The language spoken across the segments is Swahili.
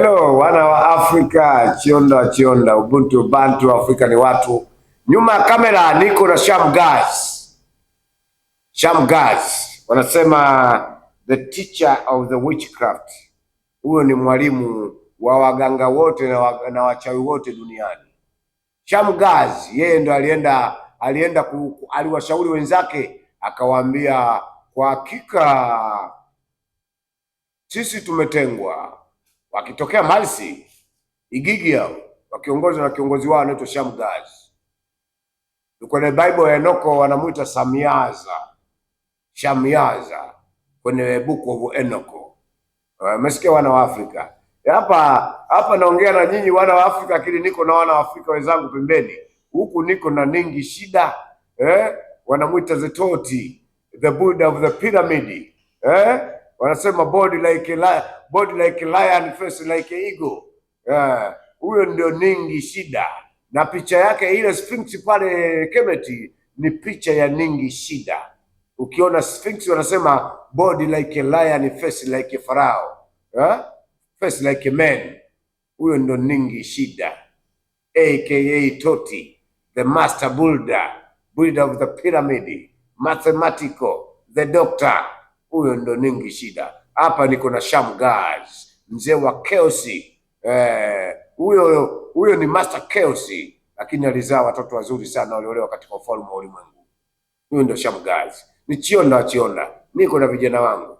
Hello wana wa Afrika, chionda chionda, ubuntu bantu, Afrika ni watu. Nyuma ya kamera niko na Sham Guys. wanasema the teacher of the witchcraft. Huyo ni mwalimu wa waganga wote na, wa, na wachawi wote duniani. Guys, yeye ndo alienda alienda aliwashauri wenzake akawaambia, kwa hakika sisi tumetengwa wakitokea Malsi Igigi yao wakiongozwa na kiongozi wao anaitwa Shamgazi. Kwenye Bible ya Enoko wanamuita Samiaza, Shamiaza kwenye Book of Enoko. Eh, umesikia wana wa Afrika? Hapa hapa naongea na nyinyi wana wa Afrika, lakini niko na wana wa Afrika wenzangu pembeni huku, niko na ningi shida eh? wanamuita Zetoti, the Buddha of the pyramid eh? wanasema body like a body like a lion, face like a eagle. Eh, huyo ndio Ningi Shida, na picha yake ile Sphinx pale Kemeti ni picha ya Ningi Shida. Ukiona Sphinx wanasema body like a lion, face like a pharaoh uh, face like a man. Huyo ndio Ningi Shida aka Toti the master builder, builder of the pyramid, mathematical, the doctor huyo ndo ningi shida hapa. Niko na Guys, mzee wa chaos eh, huyo. Eh, huyo ni master chaos, lakini alizaa watoto wazuri sana waliolewa katika ufalme wa ulimwengu. Huyo ndo Guys, ni Chionda wa Chionda. Niko na vijana wangu,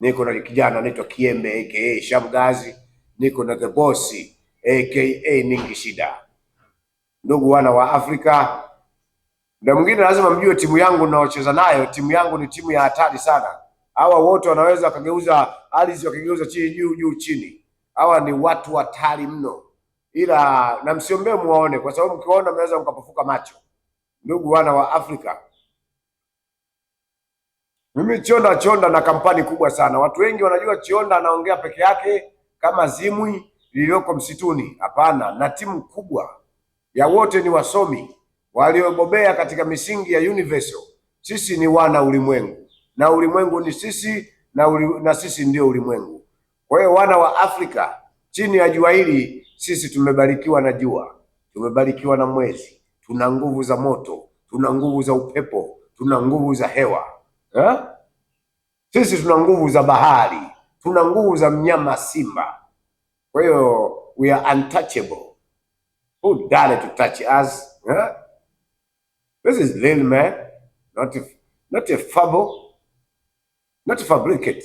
niko na kijana anaitwa Kiembe aka Guys, niko na the boss aka Ningi Shida. Ndugu wana wa Afrika Muda mwingine lazima mjue timu yangu ninayocheza nayo, timu yangu ni timu ya hatari sana. Hawa wote wanaweza wakageuza ardhi, wakageuza chini juu, juu chini. Hawa ni watu hatari mno, ila na msiombee muwaone, kwa sababu mkiwaona mnaweza mkapofuka macho. Ndugu wana wa Afrika, mimi Chionda Chionda na kampani kubwa sana. Watu wengi wanajua Chionda anaongea peke yake kama zimwi lililoko msituni. Hapana, na timu kubwa ya wote ni wasomi waliobobea katika misingi ya universal. Sisi ni wana ulimwengu na ulimwengu ni sisi na, uli, na sisi ndio ulimwengu. Kwa hiyo wana wa Afrika chini ya jua hili sisi tumebarikiwa na jua, tumebarikiwa na mwezi, tuna nguvu za moto, tuna nguvu za upepo, tuna nguvu za hewa ha? Eh? Sisi tuna nguvu za bahari, tuna nguvu za mnyama simba. Kwa hiyo we are untouchable. Who dare to touch us? Ha? Eh? This is real man, not a, not a fable, not a fabricate.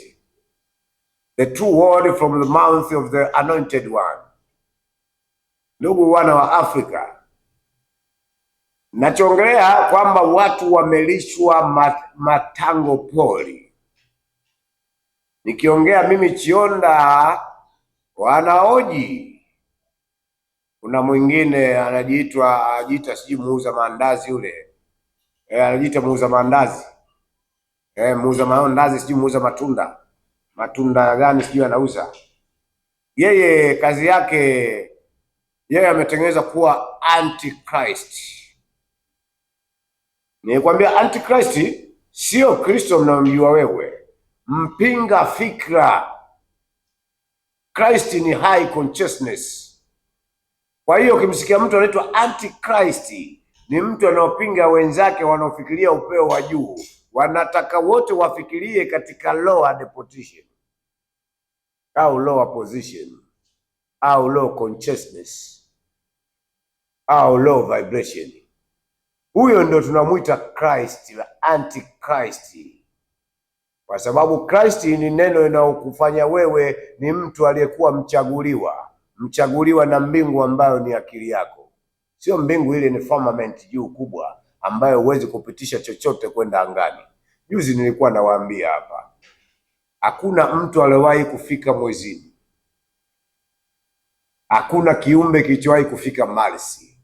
The true word from the mouth of the anointed one. Ndugu wana wa Afrika, nachoongelea kwamba watu wamelishwa matango poli. Nikiongea mimi Chionda, wanaoji kuna mwingine anajiitwa ajita sijui muuza maandazi yule eh, anajiita muuza maandazi eh, muuza maandazi sijui muuza matunda matunda gani sijui anauza yeye. Kazi yake yeye ametengeneza kuwa antichrist. Nikwambia antichrist sio Kristo mnamjua wewe, mpinga fikra. Christ ni high consciousness. Kwa hiyo ukimsikia mtu anaitwa antichrist ni mtu anaopinga wenzake wanaofikiria upeo wa juu, wanataka wote wafikirie katika lower deposition au lower position au low consciousness au low vibration. Huyo ndo tunamwita Christ la antichrist, kwa sababu Christ ni neno inaokufanya wewe ni mtu aliyekuwa mchaguliwa, mchaguliwa na mbingu ambayo ni akili yako. Sio mbingu, ile ni firmament juu kubwa ambayo huwezi kupitisha chochote kwenda angani. Juzi nilikuwa nawaambia hapa, hakuna mtu aliyewahi kufika mwezini, hakuna kiumbe kilichowahi kufika Mars,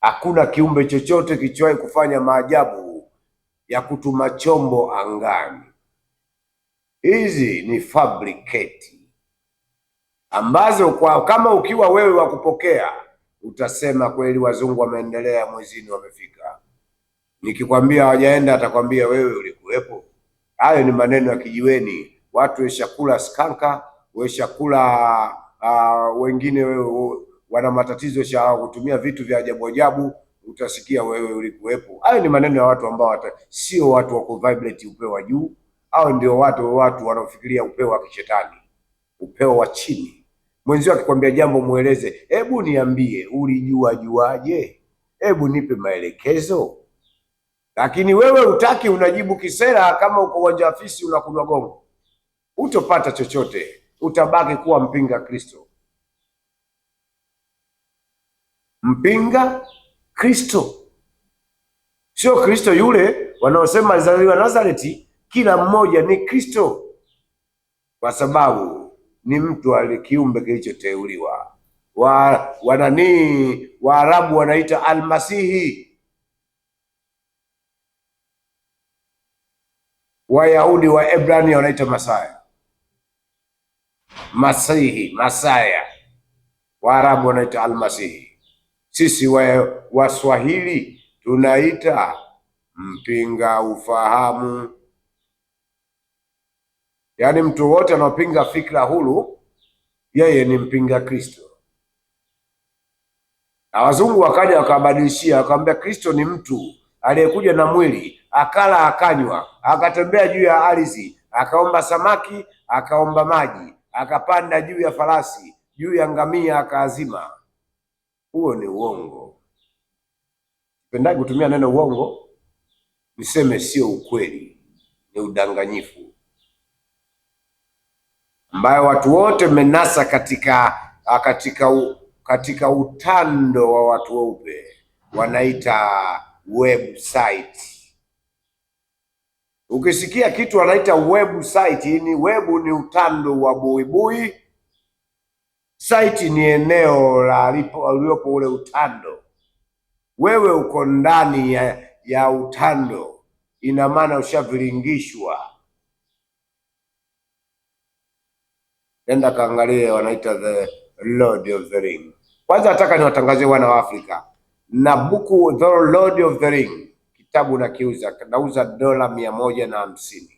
hakuna kiumbe chochote kilichowahi kufanya maajabu ya kutuma chombo angani. Hizi ni fabriketi ambazo kwa kama ukiwa wewe wa kupokea utasema kweli wazungu wameendelea, mwezini wamefika. Nikikwambia hawajaenda, atakwambia wewe ulikuwepo. Hayo ni maneno ya kijiweni. Watu weshakula skanka, weshakula uh, wengine wewe, wana matatizo ya kutumia vitu vya ajabu ajabu, utasikia wewe ulikuwepo. Hayo ni maneno ya watu ambao sio watu wa kuvibrate upeo wa juu, au ndio watu watu wanaofikiria upeo wa kishetani, upeo wa chini. Mwenzio akikwambia jambo mueleze hebu niambie, ulijua juaje? Hebu nipe maelekezo. Lakini wewe utaki, unajibu kisera. Kama uko uwanja afisi unakunywa gongo, utopata chochote, utabaki kuwa mpinga Kristo, mpinga Kristo, sio Kristo yule wanaosema alizaliwa Nazareti. Kila mmoja ni Kristo kwa sababu ni mtu alikiumbe kilichoteuliwa. Wa wananii Waarabu wanaita almasihi, Wayahudi wa Ebrani wanaita masaya, masihi, masaya. Waarabu wanaita almasihi, sisi Waswahili tunaita mpinga ufahamu Yaani mtu wote anaopinga fikra huru yeye ni mpinga Kristo. Na wazungu wakaja wakawabadilishia, wakamwambia Kristo ni mtu aliyekuja na mwili akala akanywa akatembea juu ya ardhi akaomba samaki akaomba maji akapanda juu ya farasi juu ya ngamia akaazima. Huo ni uongo. Sipendagi kutumia neno uongo, niseme sio ukweli, ni udanganyifu ambayo watu wote mmenasa katika ah, katika katika utando wa watu weupe wanaita website. Ukisikia kitu wanaita website, ni webu ni utando wa buibui, site ni eneo la uliopo ule utando. Wewe uko ndani ya, ya utando, ina maana ushaviringishwa nenda kaangalie, wanaita the Lord of the Ring. Kwanza nataka niwatangazie wana wa Afrika na buku the Lord of the Ring, kitabu nakiuza, nauza dola mia moja na hamsini.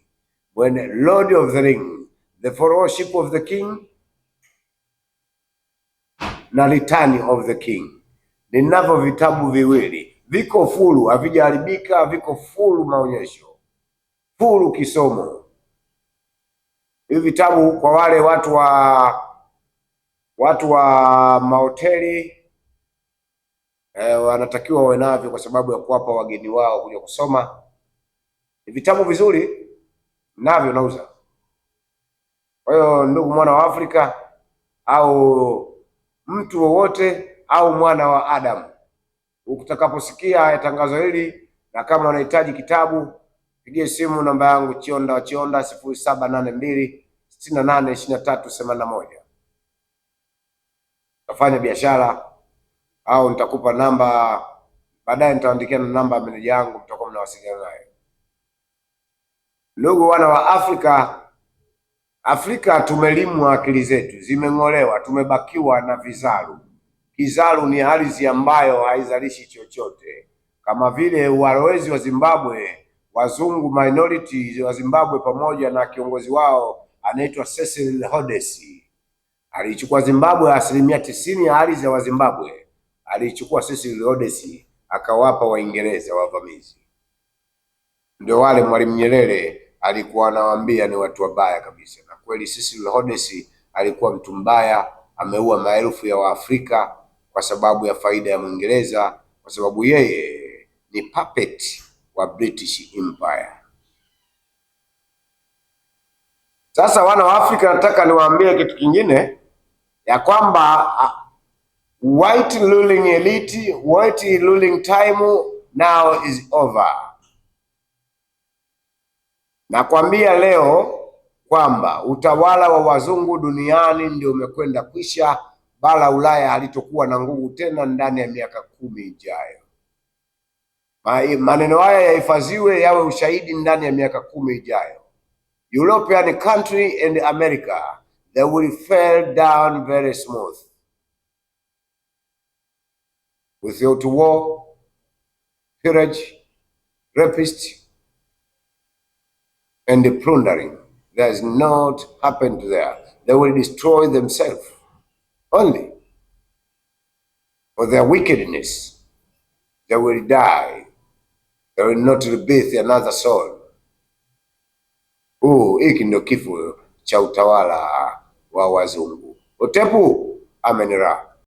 When Lord of the Ring, the Fellowship of the King na Return of the King, ninavyo vitabu viwili, viko fulu, havijaharibika, viko fulu maonyesho, fulu kisomo hivi vitabu kwa wale watu wa watu wa mahoteli e, wanatakiwa wawe navyo kwa sababu ya kuwapa wageni wao kuja kusoma. Ni vitabu vizuri, navyo nauza. Kwa hiyo ndugu mwana wa Afrika au mtu wowote au mwana wa Adamu, ukitakaposikia tangazo hili na kama unahitaji kitabu Pigie simu namba yangu Chionda wa Chionda sifuri saba nane mbili sitini na nane ishirini na tatu themanini na moja. Utafanya biashara au nitakupa namba baadaye, nitaandikia na namba ya meneja yangu, mtakuwa mnawasiliana naye. Ndugu wana wa Afrika, Afrika tumelimwa, akili zetu zimeng'olewa, tumebakiwa na vizaru. Kizaru ni ardhi ambayo haizalishi chochote, kama vile walowezi wa Zimbabwe wazungu minority wa Zimbabwe pamoja na kiongozi wao anaitwa Cecil Rhodesi. Alichukua Zimbabwe, asilimia tisini ya ardhi ya Wazimbabwe aliichukua Cecil Rhodesi akawapa Waingereza wavamizi. Ndio wale Mwalimu Nyerere alikuwa anawaambia ni watu wabaya kabisa, na kweli Cecil Rhodesi alikuwa mtu mbaya, ameua maelfu ya Waafrika kwa sababu ya faida ya Mwingereza, kwa sababu yeye ni puppet wa British Empire. Sasa wana wa Afrika, nataka niwaambie kitu kingine ya kwamba white ruling elite, white ruling time now is over. Nakwambia leo kwamba utawala wa wazungu duniani ndio umekwenda kwisha. Bara Ulaya halitokuwa na nguvu tena ndani ya miaka kumi ijayo. Eh, maneno haya yahifadhiwe yawe ushahidi ndani ya miaka kumi ijayo. European country and America they will fall down very smooth without war, pillage, rapist and plundering that has not happened there. They will destroy themselves only for their wickedness. They will die There will not be another soul. Huu hiki ndio kifo cha utawala wa wazungu. Otepu amenira